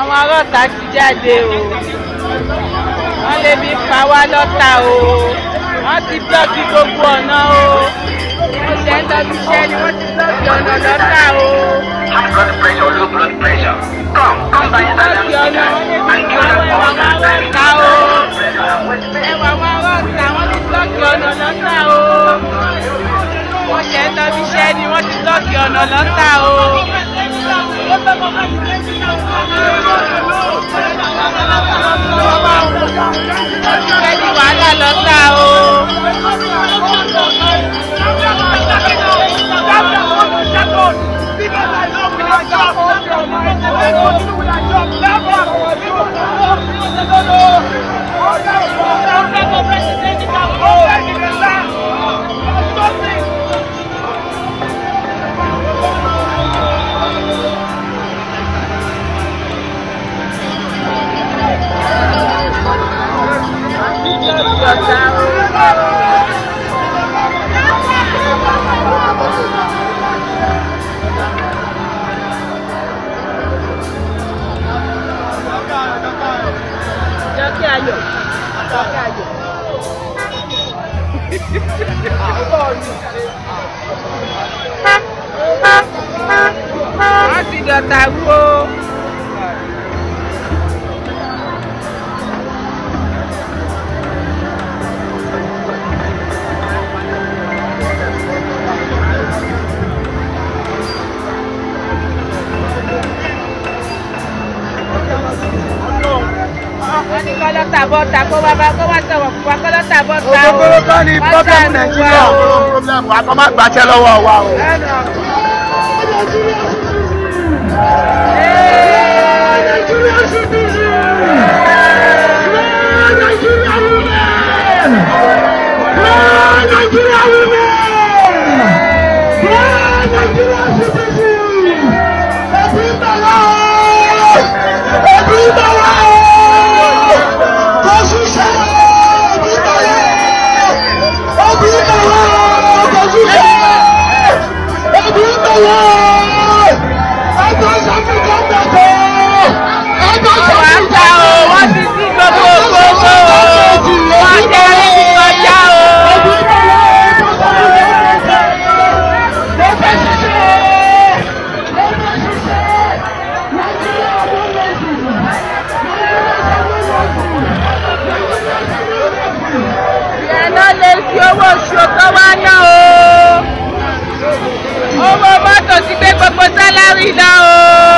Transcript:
àwọn ọlọ́ta ti jáde o wọ́n lè fi pa wá lọ́ta o wọ́n ti blọ́ọ̀kì gbogbo ọ̀nà o mo ṣe ń lọ bí ni wọ́n ti blọ́ọ̀kì ọ̀nà lọ́ta o. high blood pressure low blood pressure come come by and see that and kill them for one time. ẹwà wọ́n ti ń lọ bí iṣẹ́ ni wọ́n ti blọ́ọ̀kì ọ̀nà lọ́ta o. Deus, Àti dọ̀tà wo. bọ́ta kó wá bá kó wá sọ̀rọ̀ fún wa kó lọ́tà bọ́ta o. òkòkòrò kan ní pọ́blẹ́mù nàìjíríà òkòrò pọ́blẹ́mù wa kọ́ má gbàṣẹ lọ́wọ́ wa o. nàìjíríà ṣubú ṣe nàìjíríà wúlẹ̀ nàìjíríà wúlẹ̀ nàìjíríà ṣubú. owó oṣù tó wá ná o owó mọ́tò ti gbé gbogbo sálárì lọ o.